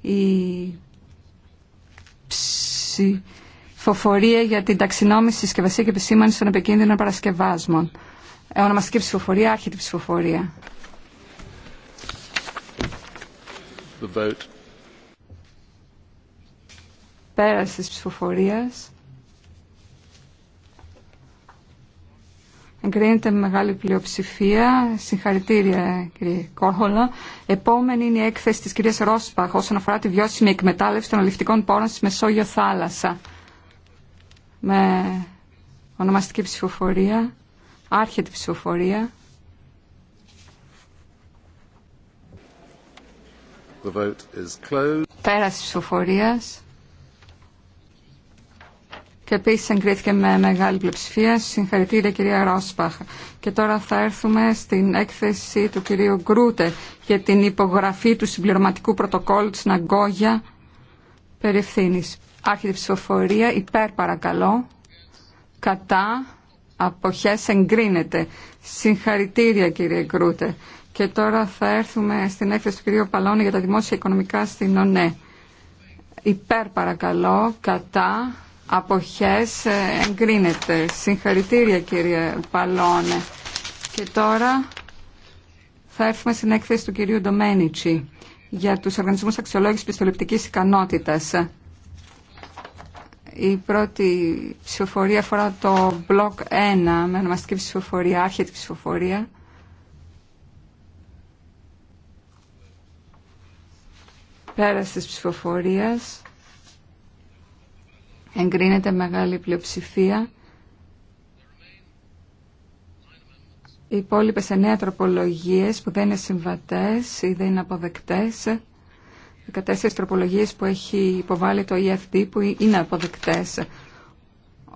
η ψηφοφορία για την ταξινόμηση, συσκευασία και επισήμανση των επικίνδυνων παρασκευάσμων. Ε, ονομαστική ψηφοφορία, άρχιτη ψηφοφορία. The vote. Πέρας της ψηφοφορίας. Εγκρίνεται με μεγάλη πλειοψηφία. Συγχαρητήρια κύριε Κόρχολα. Επόμενη είναι η έκθεση της κυρίας Ρόσπαχ όσον αφορά τη βιώσιμη εκμετάλλευση των αληφτικών πόρων στη Μεσόγειο θάλασσα. Με ονομαστική ψηφοφορία, άρχεται ψηφοφορία. Πέραση ψηφοφορίας και επίση εγκρίθηκε με μεγάλη πλειοψηφία. Συγχαρητήρια κυρία Ρόσπαχα. Και τώρα θα έρθουμε στην έκθεση του κυρίου Γκρούτε για την υπογραφή του συμπληρωματικού πρωτοκόλλου της Ναγκόγια Περιευθύνης. Άρχεται ψηφοφορία υπέρ παρακαλώ. Κατά αποχές εγκρίνεται. Συγχαρητήρια κύριε Γκρούτε. Και τώρα θα έρθουμε στην έκθεση του κυρίου Παλώνη για τα δημόσια οικονομικά στην ΟΝΕ. Υπέρ παρακαλώ, κατά, αποχές ε, εγκρίνεται. Συγχαρητήρια κύριε Παλώνε. Και τώρα θα έρθουμε στην έκθεση του κυρίου Ντομένιτσι για τους οργανισμούς αξιολόγησης πιστοληπτικής ικανότητας. Η πρώτη ψηφοφορία αφορά το μπλοκ 1 με ονομαστική ψηφοφορία, άρχιτη ψηφοφορία. Πέρας της ψηφοφορίας εγκρίνεται μεγάλη πλειοψηφία. Οι υπόλοιπες εννέα τροπολογίες που δεν είναι συμβατές ή δεν είναι αποδεκτές, 14 τροπολογίες που έχει υποβάλει το EFD που είναι αποδεκτές.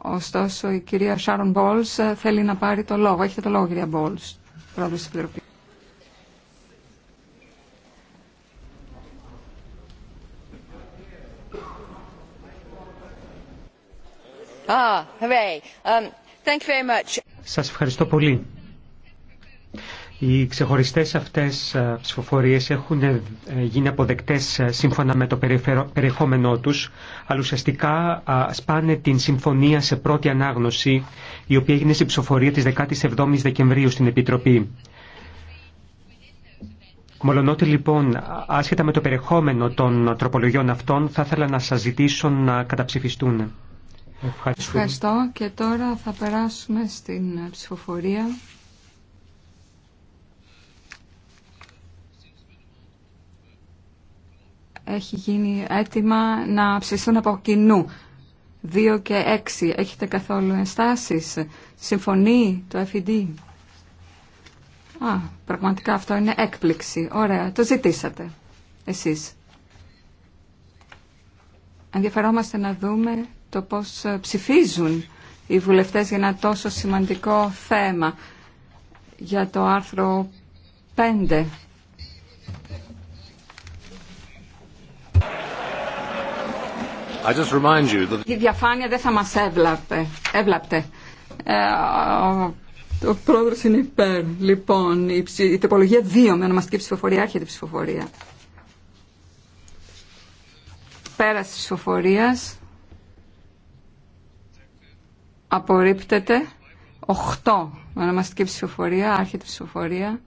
Ωστόσο, η κυρία Sharon Bowles θέλει να πάρει το λόγο. Έχετε το λόγο, κυρία Bowles, πρόεδρος της Ah, um, σας ευχαριστώ πολύ. Οι ξεχωριστές αυτές ε, ψηφοφορίες έχουν ε, γίνει αποδεκτές ε, σύμφωνα με το περιεχόμενό τους, αλλά ουσιαστικά σπάνε την συμφωνία σε πρώτη ανάγνωση, η οποία έγινε στην ψηφοφορία της 17ης Δεκεμβρίου στην Επιτροπή. Μολονότι λοιπόν, άσχετα με το περιεχόμενο των τροπολογιών αυτών, θα ήθελα να σας ζητήσω να καταψηφιστούν. Ευχαριστώ. και τώρα θα περάσουμε στην ψηφοφορία. Έχει γίνει έτοιμα να ψηθούν από κοινού. Δύο και έξι. Έχετε καθόλου ενστάσεις. Συμφωνεί το FED. Α, πραγματικά αυτό είναι έκπληξη. Ωραία, το ζητήσατε εσείς. Ενδιαφερόμαστε να δούμε το πώς ε, ψηφίζουν οι βουλευτές για ένα τόσο σημαντικό θέμα για το άρθρο 5. Η διαφάνεια δεν θα μας έβλαπτε. έβλαπτε. ο, ο πρόεδρος είναι υπέρ. Λοιπόν, η, τεπολογία 2 με ονομαστική ψηφοφορία έρχεται η ψηφοφορία. Πέραση ψηφοφορίας απορρίπτεται 8 ονομαστική ψηφοφορία, άρχεται ψηφοφορία.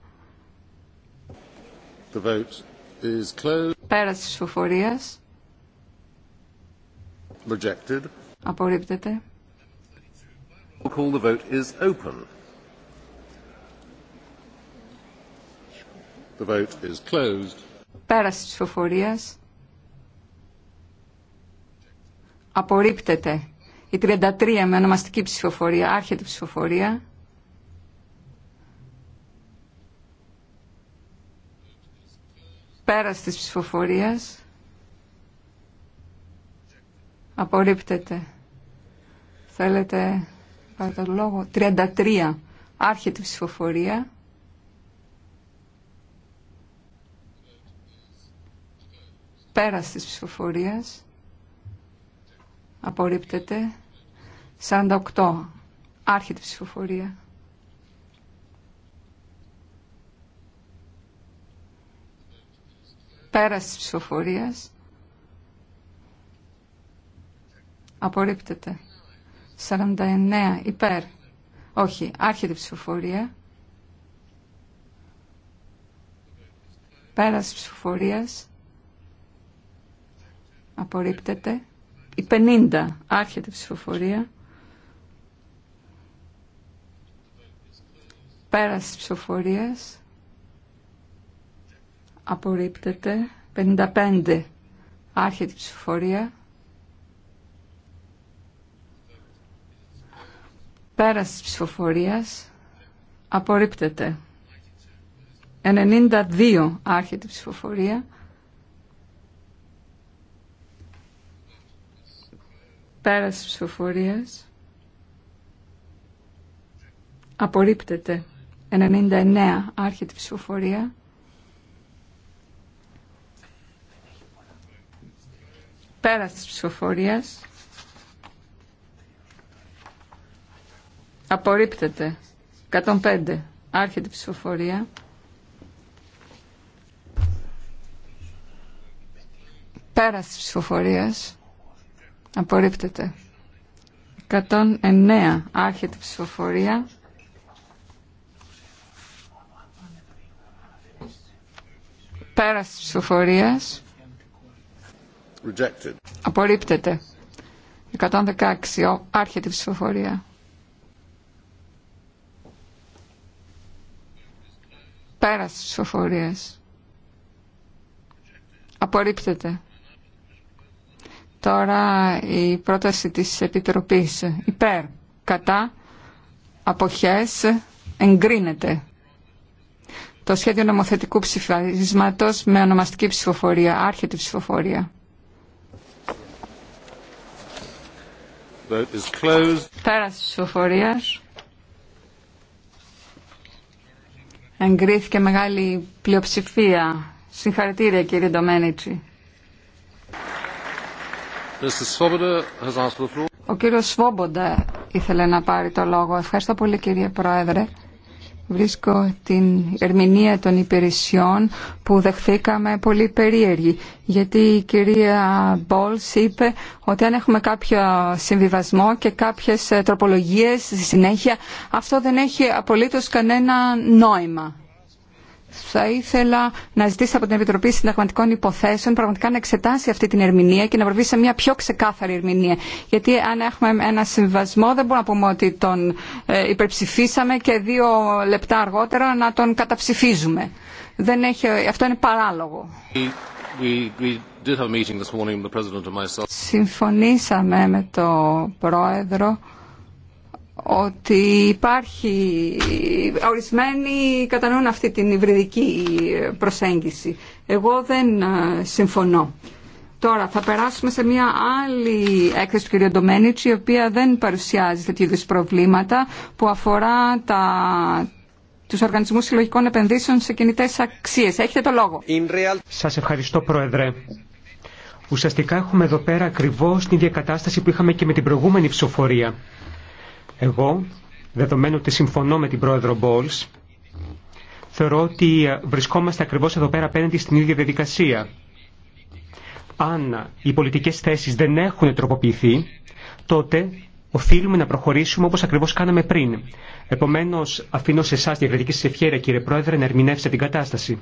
The vote is closed. Πέρας της ψηφοφορίας. Rejected. Απορρίπτεται. We'll call the vote is open. The vote is closed. Πέραση της ψηφοφορίας. Απορρίπτεται. Η 33 με ονομαστική ψηφοφορία, άρχεται ψηφοφορία. Πέρας της ψηφοφορίας. Απορρίπτεται. Θέλετε, πάρε λόγο. 33. Άρχεται η ψηφοφορία. Πέρας της ψηφοφορίας απορρίπτεται 48 άρχεται ψηφοφορία πέρας της ψηφοφορίας απορρίπτεται 49 υπέρ όχι άρχεται ψηφοφορία πέρας της ψηφοφορίας απορρίπτεται η 50 άρχεται ψηφοφορία. Πέραση ψηφοφορίας. Απορρίπτεται. 55 άρχεται ψηφοφορία. Πέραση ψηφοφορίας. Απορρίπτεται. 92 άρχεται ψηφοφορία. Πέραση της ψηφοφορίας. Απορρίπτεται. 99 άρχεται ψηφοφορία. Πέραση της ψηφοφορίας. Απορρίπτεται. 105. Άρχεται ψηφοφορία. Πέραση της ψηφοφορίας. Απορρίπτεται. 109. Άρχεται ψηφοφορία. Πέραση της ψηφοφορίας. Rejected. Απορρίπτεται. 116. Άρχεται ψηφοφορία. Πέραση της ψηφοφορίας. Απορρίπτεται. Τώρα η πρόταση της Επιτροπής υπέρ, κατά, αποχές, εγκρίνεται. Το σχέδιο νομοθετικού ψηφισματός με ονομαστική ψηφοφορία, άρχεται ψηφοφορία. Πέρας της ψηφοφορίας. Εγκρίθηκε μεγάλη πλειοψηφία. Συγχαρητήρια κύριε Ντομένιτσι. Ο κύριος Σβόμποντα ήθελε να πάρει το λόγο. Ευχαριστώ πολύ κύριε Πρόεδρε. Βρίσκω την ερμηνεία των υπηρεσιών που δεχθήκαμε πολύ περίεργη. Γιατί η κυρία Μπόλς είπε ότι αν έχουμε κάποιο συμβιβασμό και κάποιες τροπολογίες στη συνέχεια, αυτό δεν έχει απολύτως κανένα νόημα θα ήθελα να ζητήσω από την Επιτροπή Συνταγματικών Υποθέσεων πραγματικά να εξετάσει αυτή την ερμηνεία και να προβεί σε μια πιο ξεκάθαρη ερμηνεία. Γιατί αν έχουμε ένα συμβασμό δεν μπορούμε να πούμε ότι τον ε, υπερψηφίσαμε και δύο λεπτά αργότερα να τον καταψηφίζουμε. Δεν έχει, αυτό είναι παράλογο. Συμφωνήσαμε με τον Πρόεδρο ότι υπάρχει, ορισμένοι κατανοούν αυτή την υβριδική προσέγγιση. Εγώ δεν ε, συμφωνώ. Τώρα θα περάσουμε σε μια άλλη έκθεση του κ. Ντομένιτς, η οποία δεν παρουσιάζει τέτοιου είδους προβλήματα που αφορά τα, τους οργανισμούς συλλογικών επενδύσεων σε κινητές αξίες. Έχετε το λόγο. Σας ευχαριστώ Πρόεδρε. Ουσιαστικά έχουμε εδώ πέρα ακριβώς την ίδια κατάσταση που είχαμε και με την προηγούμενη ψηφοφορία. Εγώ, δεδομένου ότι συμφωνώ με την πρόεδρο Μπόλς, θεωρώ ότι ε, βρισκόμαστε ακριβώς εδώ πέρα απέναντι στην ίδια διαδικασία. Αν οι πολιτικές θέσεις δεν έχουν τροποποιηθεί, τότε οφείλουμε να προχωρήσουμε όπως ακριβώς κάναμε πριν. Επομένως, αφήνω σε εσάς διακριτική σας ευχαίρεια, κύριε Πρόεδρε, να ερμηνεύσετε την κατάσταση.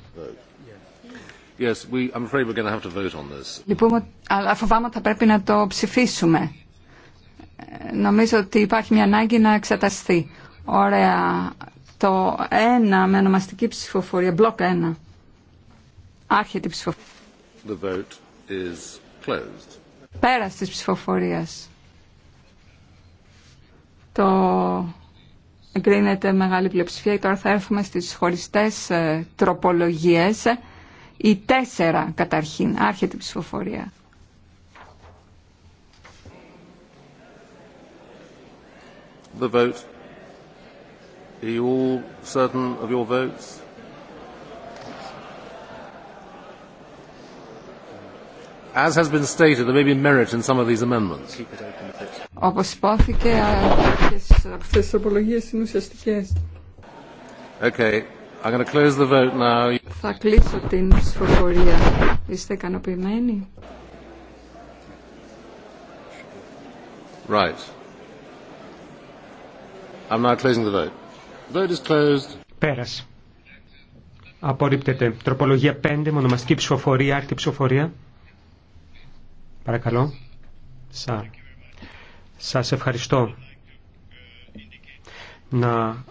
Λυπούμε, αλλά φοβάμαι ότι θα πρέπει να το ψηφίσουμε νομίζω ότι υπάρχει μια ανάγκη να εξεταστεί. Ωραία. Το 1 με ονομαστική ψηφοφορία, μπλοκ 1. Άρχεται η ψηφοφορία. The vote is closed. Πέρας της ψηφοφορίας. Το εγκρίνεται μεγάλη πλειοψηφία. Τώρα θα έρθουμε στις χωριστές ε, τροπολογίες. Η τέσσερα καταρχήν. Άρχεται η ψηφοφορία. the vote? Are you all certain of your votes? As has been stated, there may be merit in some of these amendments. Όπως υπόθηκε, αυτές τις απολογίες είναι ουσιαστικές. Okay. I'm going to close the vote now. Θα κλείσω την ψηφοφορία. Είστε ικανοποιημένοι? Right. I'm Απορρίπτεται. Τροπολογία 5, μονομαστική ψηφοφορία, άρτη ψηφοφορία. Παρακαλώ. Σα. Σας ευχαριστώ. Να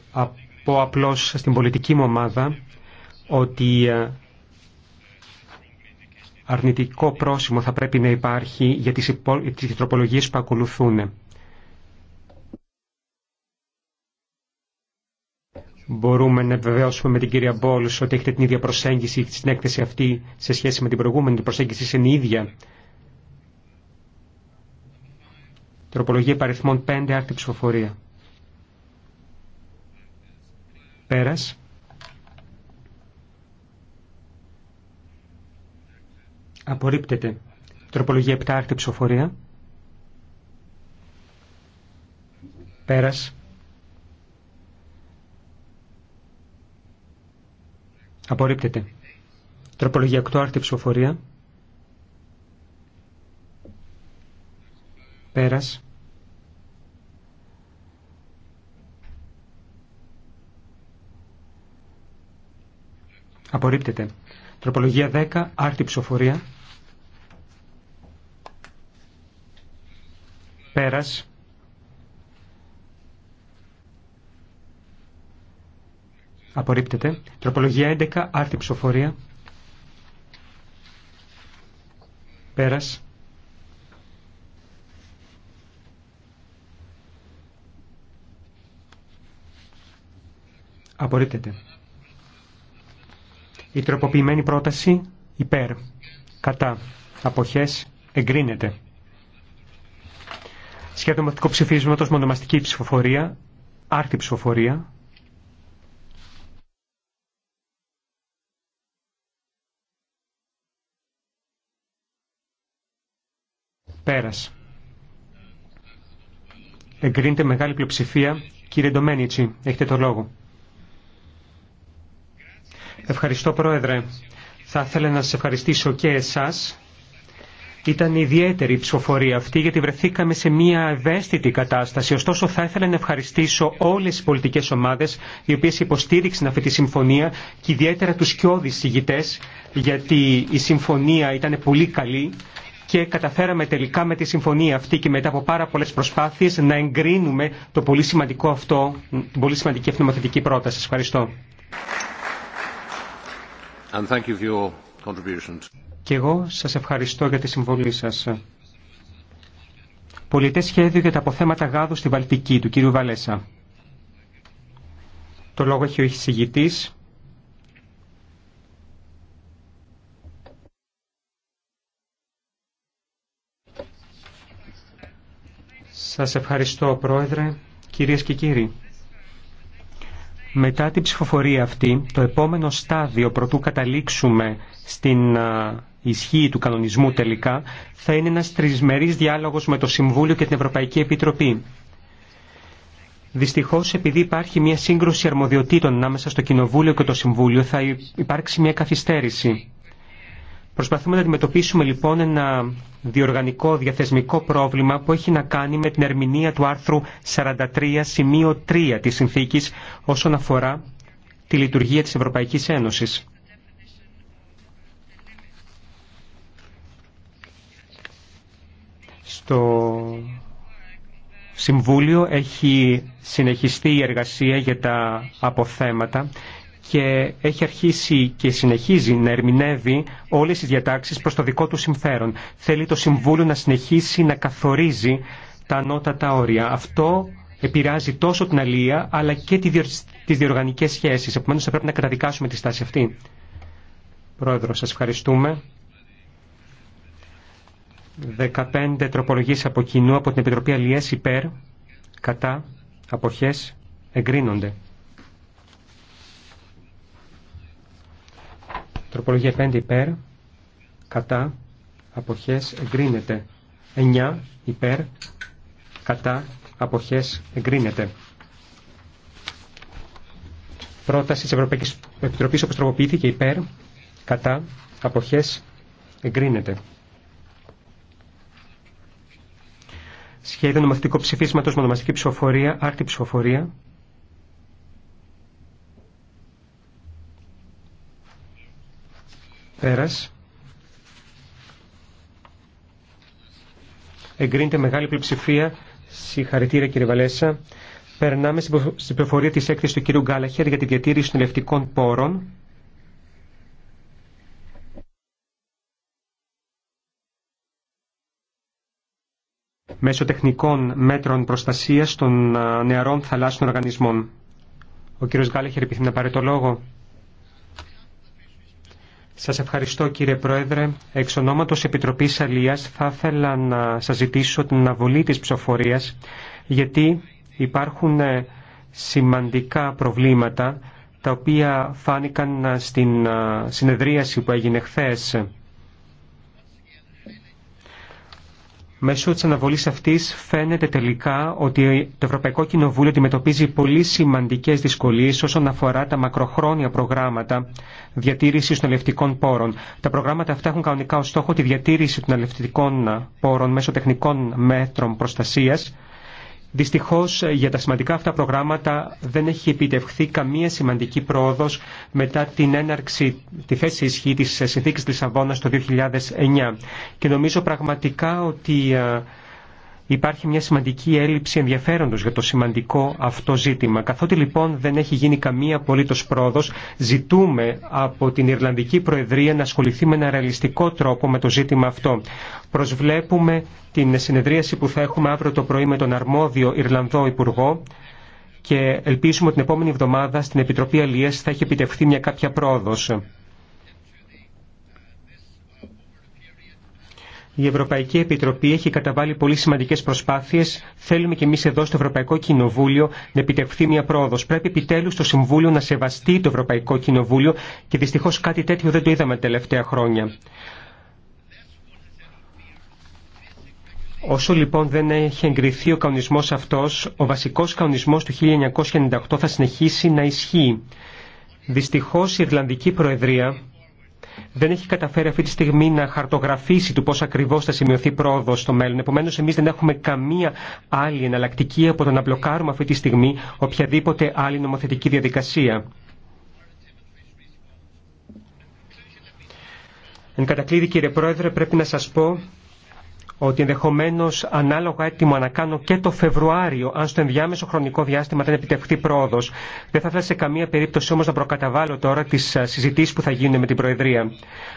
πω απλώς στην πολιτική μου ομάδα ότι ε, αρνητικό πρόσημο θα πρέπει να υπάρχει για τις, υπο... τροπολογίες που ακολουθούν. Μπορούμε να βεβαιώσουμε με την κυρία Μπόλ ότι έχετε την ίδια προσέγγιση στην έκθεση αυτή σε σχέση με την προηγούμενη. προσέγγιση είναι η ίδια. Τροπολογία παριθμών 5, άρτη ψηφοφορία. Πέρας. Απορρίπτεται. Τροπολογία 7, άρτη ψηφοφορία. Πέρας. Απορρίπτεται. Τροπολογία 8 άρτη ψηφοφορία. Πέρας. Απορρίπτεται. Τροπολογία 10 άρτη ψηφοφορία. Πέρας. Απορρίπτεται. Τροπολογία 11. Άρτη ψηφοφορία. Πέρας. Απορρίπτεται. Η τροποποιημένη πρόταση υπέρ. Κατά. Αποχές. Εγκρίνεται. Σχέδιο μαθητικό ψηφίσματος μονομαστική ψηφοφορία. Άρτη ψηφοφορία. Πέρας. Εγκρίνεται μεγάλη πλειοψηφία. Κύριε Ντομένιτσι, έχετε το λόγο. Ευχαριστώ Πρόεδρε. Θα ήθελα να σας ευχαριστήσω και εσάς. Ήταν ιδιαίτερη η ψηφοφορία αυτή γιατί βρεθήκαμε σε μια ευαίσθητη κατάσταση. Ωστόσο θα ήθελα να ευχαριστήσω όλες τις πολιτικές ομάδες οι οποίες υποστήριξαν αυτή τη συμφωνία και ιδιαίτερα τους κοιόδης ηγητές γιατί η συμφωνία ήταν πολύ καλή και καταφέραμε τελικά με τη συμφωνία αυτή και μετά από πάρα πολλές προσπάθειες να εγκρίνουμε το πολύ σημαντικό αυτό, την πολύ σημαντική αυτή πρόταση. Σας ευχαριστώ. And thank you for your και εγώ σας ευχαριστώ για τη συμβολή σας. Πολιτέ σχέδιο για τα αποθέματα γάδου στη Βαλτική του κ. Βαλέσα. Το λόγο έχει ο εισηγητής Σας ευχαριστώ Πρόεδρε, κυρίες και κύριοι. Μετά την ψηφοφορία αυτή, το επόμενο στάδιο προτού καταλήξουμε στην ισχύ του κανονισμού τελικά, θα είναι ένας τρισμερής διάλογος με το Συμβούλιο και την Ευρωπαϊκή Επιτροπή. Δυστυχώς, επειδή υπάρχει μια σύγκρουση αρμοδιοτήτων ανάμεσα στο Κοινοβούλιο και το Συμβούλιο, θα υπάρξει μια καθυστέρηση. Προσπαθούμε να αντιμετωπίσουμε λοιπόν ένα διοργανικό διαθεσμικό πρόβλημα που έχει να κάνει με την ερμηνεία του άρθρου 43 σημείο 3 της συνθήκης όσον αφορά τη λειτουργία της Ευρωπαϊκής Ένωσης. Στο Συμβούλιο έχει συνεχιστεί η εργασία για τα αποθέματα και έχει αρχίσει και συνεχίζει να ερμηνεύει όλες τις διατάξεις προς το δικό του συμφέρον. Θέλει το Συμβούλιο να συνεχίσει να καθορίζει τα ανώτατα όρια. Αυτό επηρεάζει τόσο την αλληλεία αλλά και τις διοργανικές σχέσεις. Επομένως θα πρέπει να καταδικάσουμε τη στάση αυτή. Πρόεδρο, σας ευχαριστούμε. 15 τροπολογίες από κοινού από την Επιτροπή Αλίας υπέρ, κατά, αποχές, εγκρίνονται. Τροπολογία 5 υπέρ, κατά, αποχές εγκρίνεται. 9 υπέρ, κατά, αποχές εγκρίνεται. Πρόταση της Ευρωπαϊκής Επιτροπής όπως τροποποιήθηκε υπέρ, κατά, αποχές εγκρίνεται. Σχέδιο νομοθετικού ψηφίσματος με ονομαστική ψηφοφορία, άρτη ψηφοφορία. Πέρας. Εγκρίνεται μεγάλη πλειοψηφία. Συγχαρητήρια κύριε Βαλέσσα Περνάμε στην πληροφορία της έκθεσης του κύριου Γκάλαχερ για τη διατήρηση των ελευτικών πόρων. μέσω τεχνικών μέτρων προστασίας των νεαρών θαλάσσιων οργανισμών. Ο κύριος Γκάλαχερ επιθυμεί να πάρει το λόγο. Σας ευχαριστώ κύριε Πρόεδρε. Εξ ονόματος Επιτροπής Αλίας θα ήθελα να σας ζητήσω την αναβολή της ψηφοφορίας γιατί υπάρχουν ε, σημαντικά προβλήματα τα οποία φάνηκαν ε, στην ε, συνεδρίαση που έγινε χθες. Μέσω της αναβολής αυτής φαίνεται τελικά ότι το Ευρωπαϊκό Κοινοβούλιο αντιμετωπίζει πολύ σημαντικές δυσκολίε όσον αφορά τα μακροχρόνια προγράμματα διατήρησης των ελευτικών πόρων. Τα προγράμματα αυτά έχουν κανονικά ω στόχο τη διατήρηση των ελευτικών πόρων μέσω τεχνικών μέτρων προστασία. Δυστυχώ ε, για τα σημαντικά αυτά προγράμματα δεν έχει επιτευχθεί καμία σημαντική πρόοδο μετά την έναρξη, τη θέση ισχύ τη ε, συνθήκη Λισαβόνα το 2009. Και νομίζω πραγματικά ότι ε, υπάρχει μια σημαντική έλλειψη ενδιαφέροντος για το σημαντικό αυτό ζήτημα. Καθότι λοιπόν δεν έχει γίνει καμία απολύτως πρόοδος, ζητούμε από την Ιρλανδική Προεδρία να ασχοληθεί με ένα ρεαλιστικό τρόπο με το ζήτημα αυτό. Προσβλέπουμε την συνεδρίαση που θα έχουμε αύριο το πρωί με τον αρμόδιο Ιρλανδό Υπουργό και ελπίζουμε ότι την επόμενη εβδομάδα στην Επιτροπή Αλίας θα έχει επιτευχθεί μια κάποια πρόοδος. Η Ευρωπαϊκή Επιτροπή έχει καταβάλει πολύ σημαντικές προσπάθειες. Θέλουμε και εμεί εδώ στο Ευρωπαϊκό Κοινοβούλιο να επιτευχθεί μια πρόοδος. Πρέπει επιτέλους το Συμβούλιο να σεβαστεί το Ευρωπαϊκό Κοινοβούλιο και δυστυχώς κάτι τέτοιο δεν το είδαμε τα τελευταία χρόνια. Όσο λοιπόν δεν έχει εγκριθεί ο κανονισμός αυτός, ο βασικός κανονισμός του 1998 θα συνεχίσει να ισχύει. Δυστυχώς η Ιρλανδική Προεδρία δεν έχει καταφέρει αυτή τη στιγμή να χαρτογραφήσει του πώς ακριβώς θα σημειωθεί πρόοδο στο μέλλον. Επομένως, εμείς δεν έχουμε καμία άλλη εναλλακτική από το να μπλοκάρουμε αυτή τη στιγμή οποιαδήποτε άλλη νομοθετική διαδικασία. Εν κατακλείδη, κύριε Πρόεδρε, πρέπει να σας πω ότι ενδεχομένω ανάλογα έτοιμο να κάνω και το Φεβρουάριο, αν στο ενδιάμεσο χρονικό διάστημα δεν επιτευχθεί πρόοδο. Δεν θα ήθελα σε καμία περίπτωση όμω να προκαταβάλω τώρα τι συζητήσει που θα γίνουν με την Προεδρία.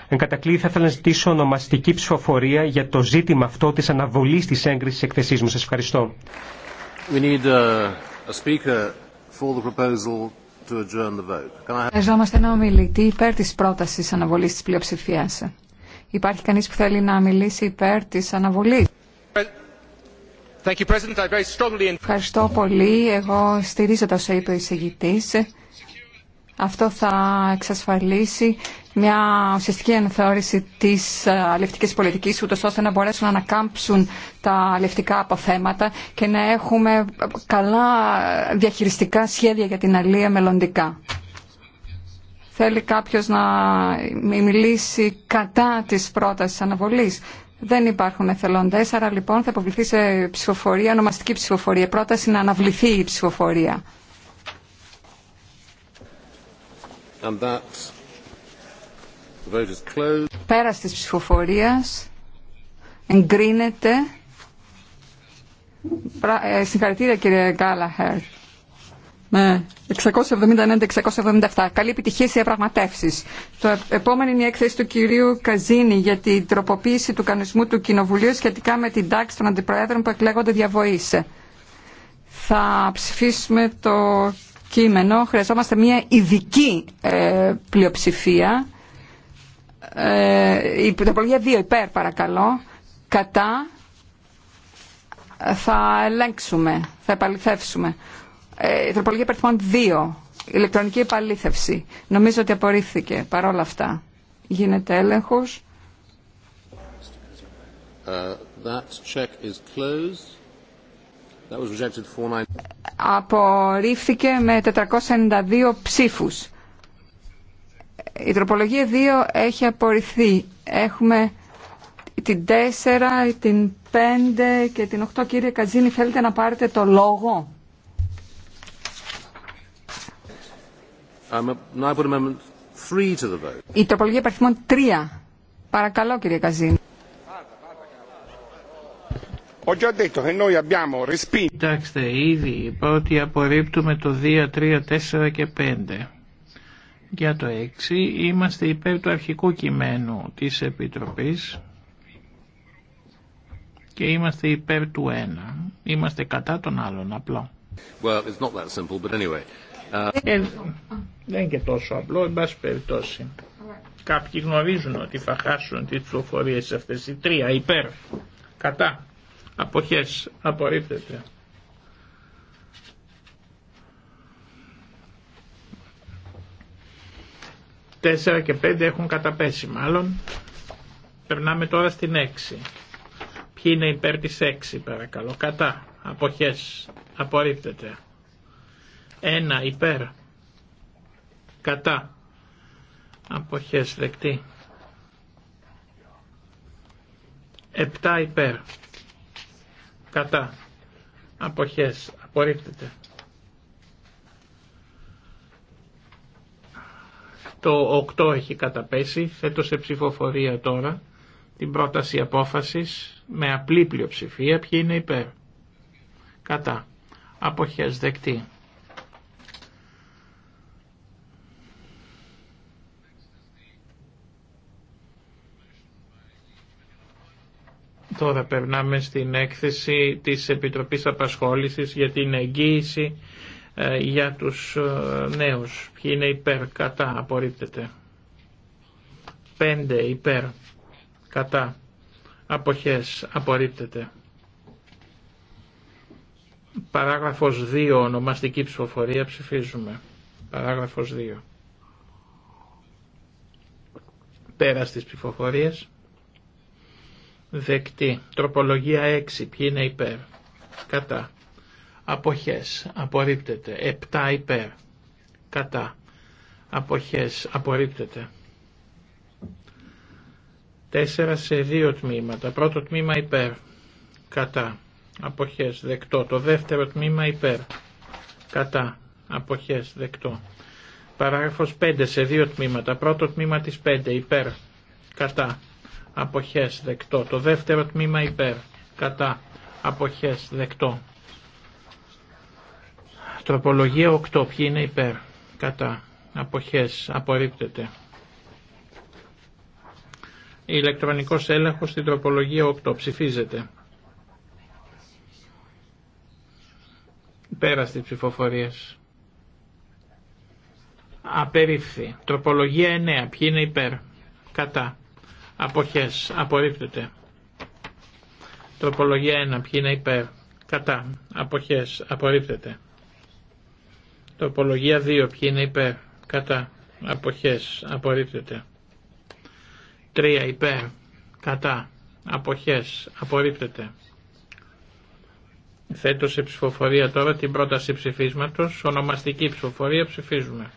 Εν κατακλείδη, θα ήθελα να ζητήσω ονομαστική ψηφοφορία για το ζήτημα αυτό τη αναβολή τη έγκριση εκθεσή μου. Σα ευχαριστώ. Χρειαζόμαστε ένα ομιλητή υπέρ τη πρόταση αναβολή τη πλειοψηφία. Υπάρχει κανείς που θέλει να μιλήσει υπέρ της αναβολής. Ευχαριστώ πολύ. Εγώ στηρίζω το όσα είπε ο εισηγητής. Αυτό θα εξασφαλίσει μια ουσιαστική αναθεώρηση της ε, αλληλευτικής πολιτικής, ούτως ώστε να μπορέσουν να ανακάμψουν τα αλληλευτικά αποθέματα και να έχουμε καλά διαχειριστικά σχέδια για την αλληλεία μελλοντικά. Θέλει κάποιος να μιλήσει κατά της πρότασης αναβολής. Δεν υπάρχουν εθελοντές, άρα λοιπόν θα υποβληθεί σε ψηφοφορία, νομαστική ψηφοφορία. Πρόταση να αναβληθεί η ψηφοφορία. And τη ψηφοφορία Πέρας της ψηφοφορίας εγκρίνεται. Ε, συγχαρητήρια κύριε Γκάλαχερ με 679-677. Καλή επιτυχία σε διαπραγματεύσει. Το επόμενο είναι η έκθεση του κυρίου Καζίνη για την τροποποίηση του κανονισμού του Κοινοβουλίου σχετικά με την τάξη των αντιπροέδρων που εκλέγονται διαβοή. Θα ψηφίσουμε το κείμενο. Χρειαζόμαστε μια ειδική ε, πλειοψηφία. Ε, η τροπολογία 2 υπέρ παρακαλώ. Κατά θα ελέγξουμε, θα επαληθεύσουμε. Η ε, τροπολογία υπερθμών 2. Ηλεκτρονική επαλήθευση. Νομίζω ότι απορρίφθηκε παρόλα αυτά. Γίνεται έλεγχος. Uh, Απορρίφθηκε με 492 ψήφους. Η τροπολογία 2 έχει απορριφθεί. Έχουμε την 4, την 5 και την 8. Κύριε Καζίνη, θέλετε να πάρετε το λόγο. Η τροπολογία υπαριθμών 3. Παρακαλώ κύριε Καζίνη. Κοιτάξτε, ήδη είπα ότι απορρίπτουμε το 2, 3, 4 και 5. Για το 6 είμαστε υπέρ του αρχικού κειμένου της Επιτροπής και είμαστε υπέρ του 1. Είμαστε κατά τον άλλον απλό. Well, it's not that simple, but anyway. Ε, δεν είναι και τόσο απλό, εν πάση περιπτώσει. Κάποιοι γνωρίζουν ότι θα χάσουν τις ψηφοφορίες αυτές. Οι τρία υπέρ, κατά, αποχές, απορρίπτεται. Τέσσερα και πέντε έχουν καταπέσει μάλλον. Περνάμε τώρα στην έξι. Ποιοι είναι υπέρ της έξι παρακαλώ. Κατά, αποχές, απορρίπτεται. 1 υπέρ κατά αποχές δεκτή 7 υπέρ κατά αποχές απορρίπτεται το 8 έχει καταπέσει θέτω σε ψηφοφορία τώρα την πρόταση απόφασης με απλή πλειοψηφία ποιοι είναι υπέρ κατά αποχές δεκτή Τώρα περνάμε στην έκθεση της Επιτροπής Απασχόλησης για την εγγύηση ε, για τους ε, νέους. Ποιοι είναι υπέρ, κατά, απορρίπτεται. Πέντε υπέρ, κατά, αποχές, απορρίπτεται. Παράγραφος 2, ονομαστική ψηφοφορία, ψηφίζουμε. Παράγραφος 2. Πέρα στις ψηφοφορίες. Δεκτή. Τροπολογία 6. Ποιοι είναι υπέρ. Κατά. Αποχές. Απορρίπτεται. 7 υπέρ. Κατά. Αποχές. Απορρίπτεται. 4 σε 2 τμήματα. Πρώτο τμήμα υπέρ. Κατά. Αποχές. Δεκτό. Το δεύτερο τμήμα υπέρ. Κατά. Αποχές. Δεκτό. Παράγραφος 5 σε 2 τμήματα. Πρώτο τμήμα της 5 υπέρ. Κατά αποχές δεκτό. Το δεύτερο τμήμα υπέρ, κατά, αποχές δεκτό. Τροπολογία 8, ποιοι είναι υπέρ, κατά, αποχές, απορρίπτεται. Ηλεκτρονικός έλεγχος στην τροπολογία 8, ψηφίζεται. Πέραστη στις ψηφοφορίες. Απερίφθη. Τροπολογία 9. Ποιοι είναι υπέρ. Κατά. Αποχές. Απορρίπτεται. Τροπολογία 1. Ποιοι είναι υπέρ. Κατά. Αποχές. Απορρίπτεται. Τροπολογία 2. Ποιοι είναι υπέρ. Κατά. Αποχές. Απορρίπτεται. 3. Υπέρ. Κατά. Αποχές. Απορρίπτεται. Θέτω σε ψηφοφορία τώρα την πρόταση ψηφίσματος. Ονομαστική ψηφοφορία ψηφίζουμε.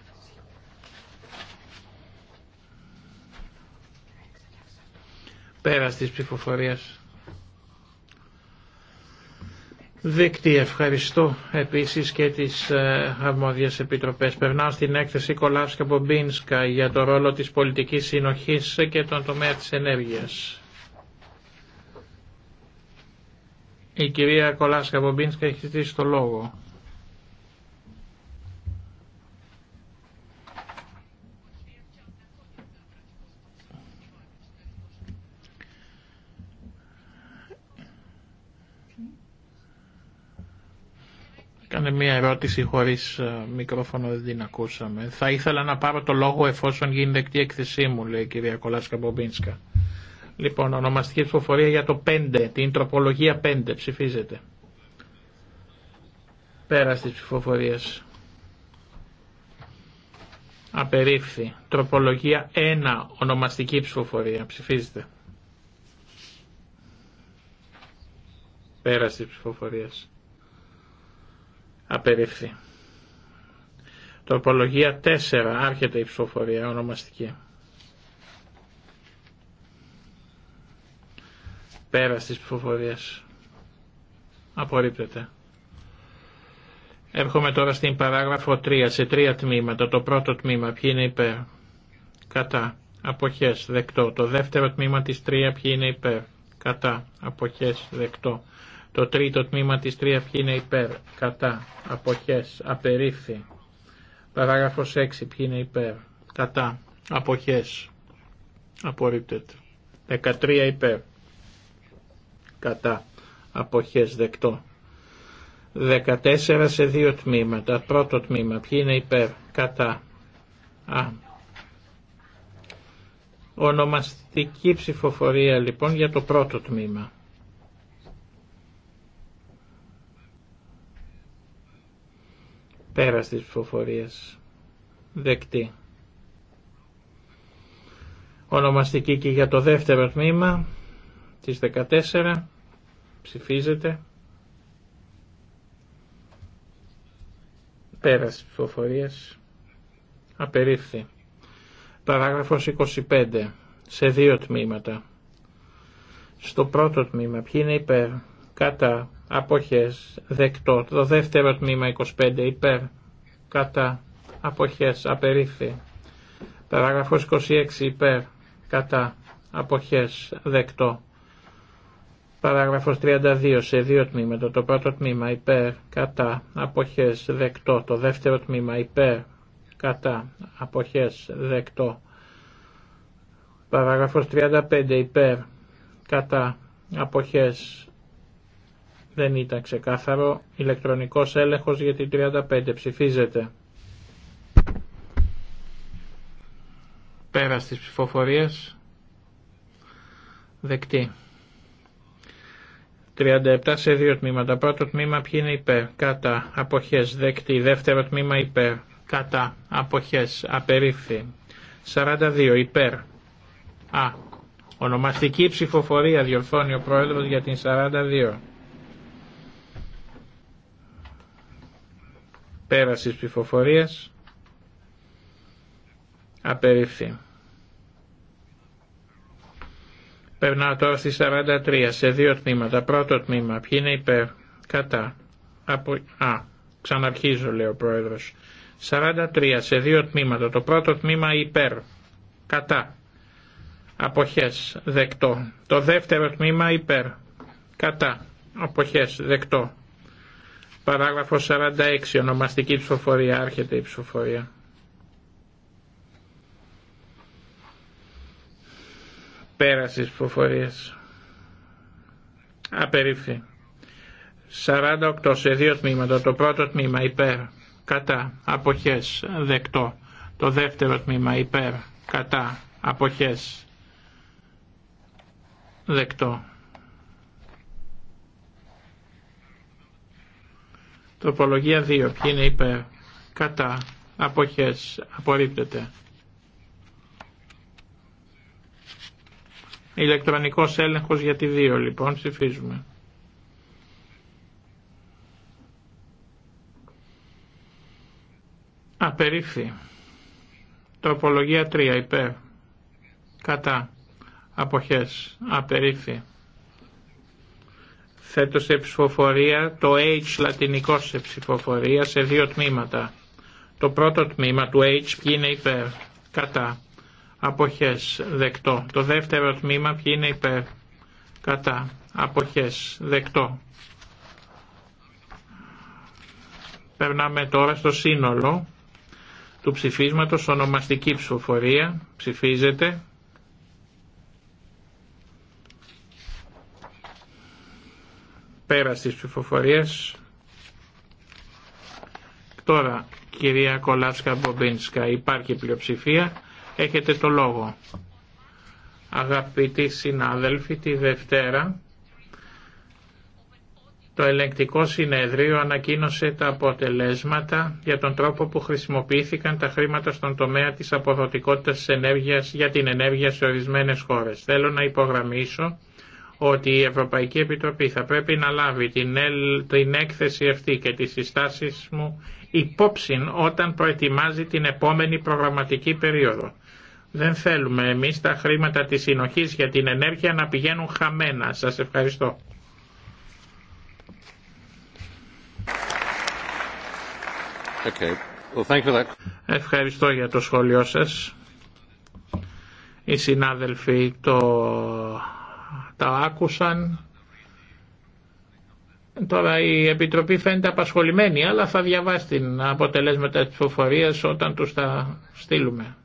Πέρα τη ψηφοφορία. Δίκτυ ευχαριστώ επίσης και τις ε, αρμόδιες επιτροπές. Περνάω στην έκθεση Κολάσκα Μπομπίνσκα για το ρόλο της πολιτικής συνοχής και τον τομέα της ενέργειας. Η κυρία Κολάσκα Μπομπίνσκα έχει ζητήσει το λόγο. Ήταν μια ερώτηση χωρίς ε, μικρόφωνο, δεν την ακούσαμε. Θα ήθελα να πάρω το λόγο εφόσον γίνει δεκτή έκθεσή μου, λέει η κυρία Κολάσκα Μπομπίνσκα. Λοιπόν, ονομαστική ψηφοφορία για το 5, την τροπολογία 5 ψηφίζεται. Πέρα ψηφοφορία. Απερίφθη. Τροπολογία 1, ονομαστική ψηφοφορία. Ψηφίζεται. Πέρα ψηφοφορία. Απερίφθη. Τροπολογία 4. Άρχεται η ψηφοφορία ονομαστική. Πέρα της ψηφοφορίας. Απορρίπτεται. Έρχομαι τώρα στην παράγραφο 3, σε τρία τμήματα. Το πρώτο τμήμα, ποιοι είναι υπέρ. Κατά. Αποχές. Δεκτό. Το δεύτερο τμήμα της 3, ποιοι είναι υπέρ. Κατά. Αποχές. Δεκτό. Το τρίτο τμήμα της 3 ποιοι είναι υπέρ, κατά, αποχές, απερίφθη. Παράγραφος 6 ποιοι είναι υπέρ, κατά, αποχές, απορρίπτεται. 13 υπέρ, κατά, αποχές, δεκτό. 14 σε δύο τμήματα, πρώτο τμήμα, ποιοι είναι υπέρ, κατά, α, Ονομαστική ψηφοφορία λοιπόν για το πρώτο τμήμα. Πέρας της ψηφοφορίας. Δεκτή. Ονομαστική και για το δεύτερο τμήμα της 14 ψηφίζεται. Πέρας της ψηφοφορίας. Απερίφθη. Παράγραφος 25. Σε δύο τμήματα. Στο πρώτο τμήμα. Ποιοι είναι υπέρ κατά αποχές δεκτό. Το δεύτερο τμήμα 25 υπέρ κατά αποχές απερίφθη. Παράγραφος 26 υπέρ κατά αποχές δεκτό. Παράγραφος 32 σε δύο τμήματα. Το πρώτο τμήμα υπέρ κατά αποχές δεκτό. Το δεύτερο τμήμα υπέρ κατά αποχές δεκτό. Παράγραφος 35 υπέρ κατά αποχές δεν ήταν ξεκάθαρο. Ηλεκτρονικός έλεγχος για την 35. Ψηφίζεται. Πέρα της ψηφοφορίας. Δεκτή. 37 σε δύο τμήματα. Πρώτο τμήμα ποιοι είναι υπέρ. Κατά. Αποχές. Δεκτή. Δεύτερο τμήμα υπέρ. Κατά. Αποχές. Απερίφθη. 42 υπέρ. Α. Ονομαστική ψηφοφορία διορθώνει ο πρόεδρος για την 42. Πέρασης ψηφοφορίας. Απερίφθη. Περνάω τώρα στη 43 σε δύο τμήματα. Πρώτο τμήμα. Ποιοι είναι υπέρ. Κατά. Από... Α. Ξαναρχίζω λέει ο πρόεδρος. 43 σε δύο τμήματα. Το πρώτο τμήμα υπέρ. Κατά. Αποχές. Δεκτό. Το δεύτερο τμήμα υπέρ. Κατά. Αποχές. Δεκτό. Παράγραφο 46. Ονομαστική ψηφοφορία. Άρχεται η ψηφοφορία. Πέραση ψηφοφορία. Απερίφθη. 48 σε δύο τμήματα. Το πρώτο τμήμα υπέρ. Κατά. Αποχές. Δεκτό. Το δεύτερο τμήμα υπέρ. Κατά. Αποχές. Δεκτό. Τροπολογία 2. Ποιοι είναι υπέρ. Κατά. Αποχές. Απορρίπτεται. Ηλεκτρονικός έλεγχος για τη 2 λοιπόν. Ψηφίζουμε. Απερίφθη. Τροπολογία 3. Υπέρ. Κατά. Αποχές. Απερίφθη. Θέτω σε ψηφοφορία το H λατινικό σε ψηφοφορία σε δύο τμήματα. Το πρώτο τμήμα του H ποιοι είναι υπέρ, κατά, αποχές, δεκτό. Το δεύτερο τμήμα ποιοι είναι υπέρ, κατά, αποχές, δεκτό. Περνάμε τώρα στο σύνολο του ψηφίσματος ονομαστική ψηφοφορία. Ψηφίζεται. Πέρα της Τώρα, κυρία Κολάσκα Μπομπίνσκα, υπάρχει πλειοψηφία. Έχετε το λόγο. Αγαπητοί συνάδελφοι, τη Δευτέρα το ελεγκτικό συνέδριο ανακοίνωσε τα αποτελέσματα για τον τρόπο που χρησιμοποιήθηκαν τα χρήματα στον τομέα της αποδοτικότητας της ενέργειας για την ενέργεια σε ορισμένες χώρες. Θέλω να υπογραμμίσω ότι η Ευρωπαϊκή Επιτροπή θα πρέπει να λάβει την, την έκθεση αυτή και τις συστάσεις μου υπόψη όταν προετοιμάζει την επόμενη προγραμματική περίοδο. Δεν θέλουμε εμείς τα χρήματα της συνοχής για την ενέργεια να πηγαίνουν χαμένα. Σας ευχαριστώ. Okay. Well, thank you Ευχαριστώ για το σχόλιο σας. Οι συνάδελφοι το τα άκουσαν. Τώρα η Επιτροπή φαίνεται απασχολημένη, αλλά θα διαβάσει την αποτελέσματα της ψηφοφορίας όταν τους τα στείλουμε.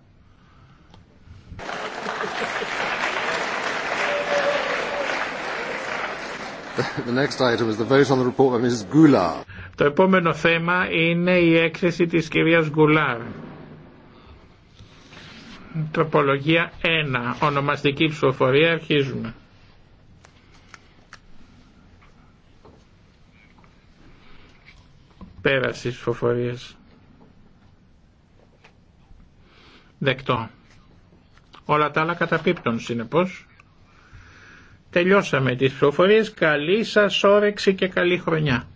The next item is the vote on the report by Mrs. Goulard. Το επόμενο θέμα είναι η έκθεση της κυρίας Γκουλάρ. Τροπολογία 1. Ονομαστική ψηφοφορία. Αρχίζουμε. Πέραση της Δεκτό. Όλα τα άλλα καταπίπτουν συνεπώς. Τελειώσαμε τις ψηφοφορίες. Καλή σας όρεξη και καλή χρονιά.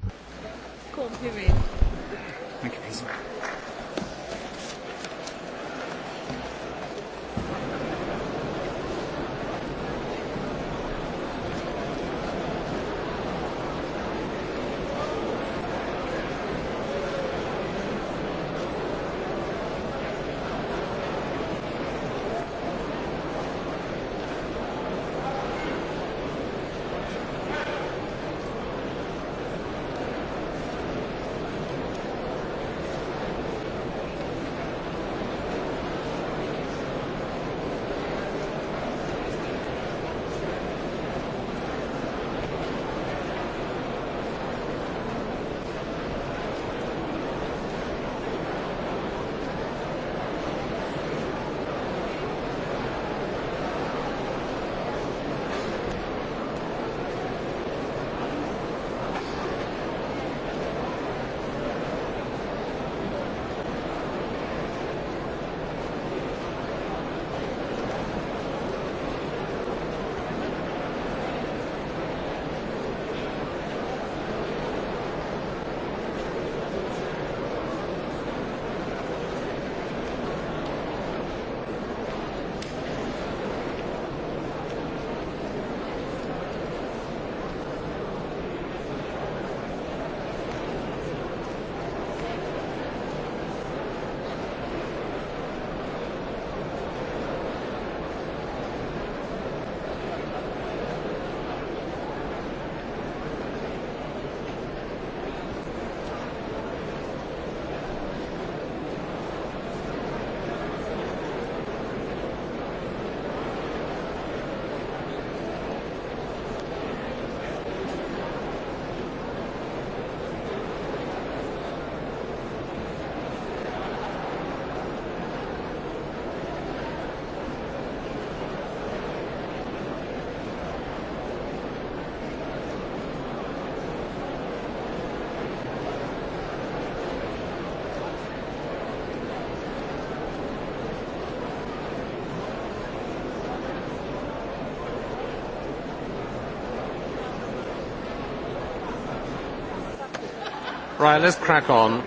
Uh,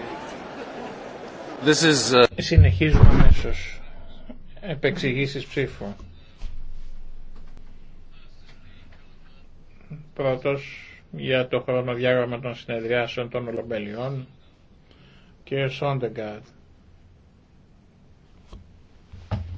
Συνεχίζουμε αμέσω. Επεξηγήσει ψήφου. Πρώτο για το χρονοδιάγραμμα των συνεδριάσεων των Ολομπελιών. Κύριε Σόντεγκαρτ.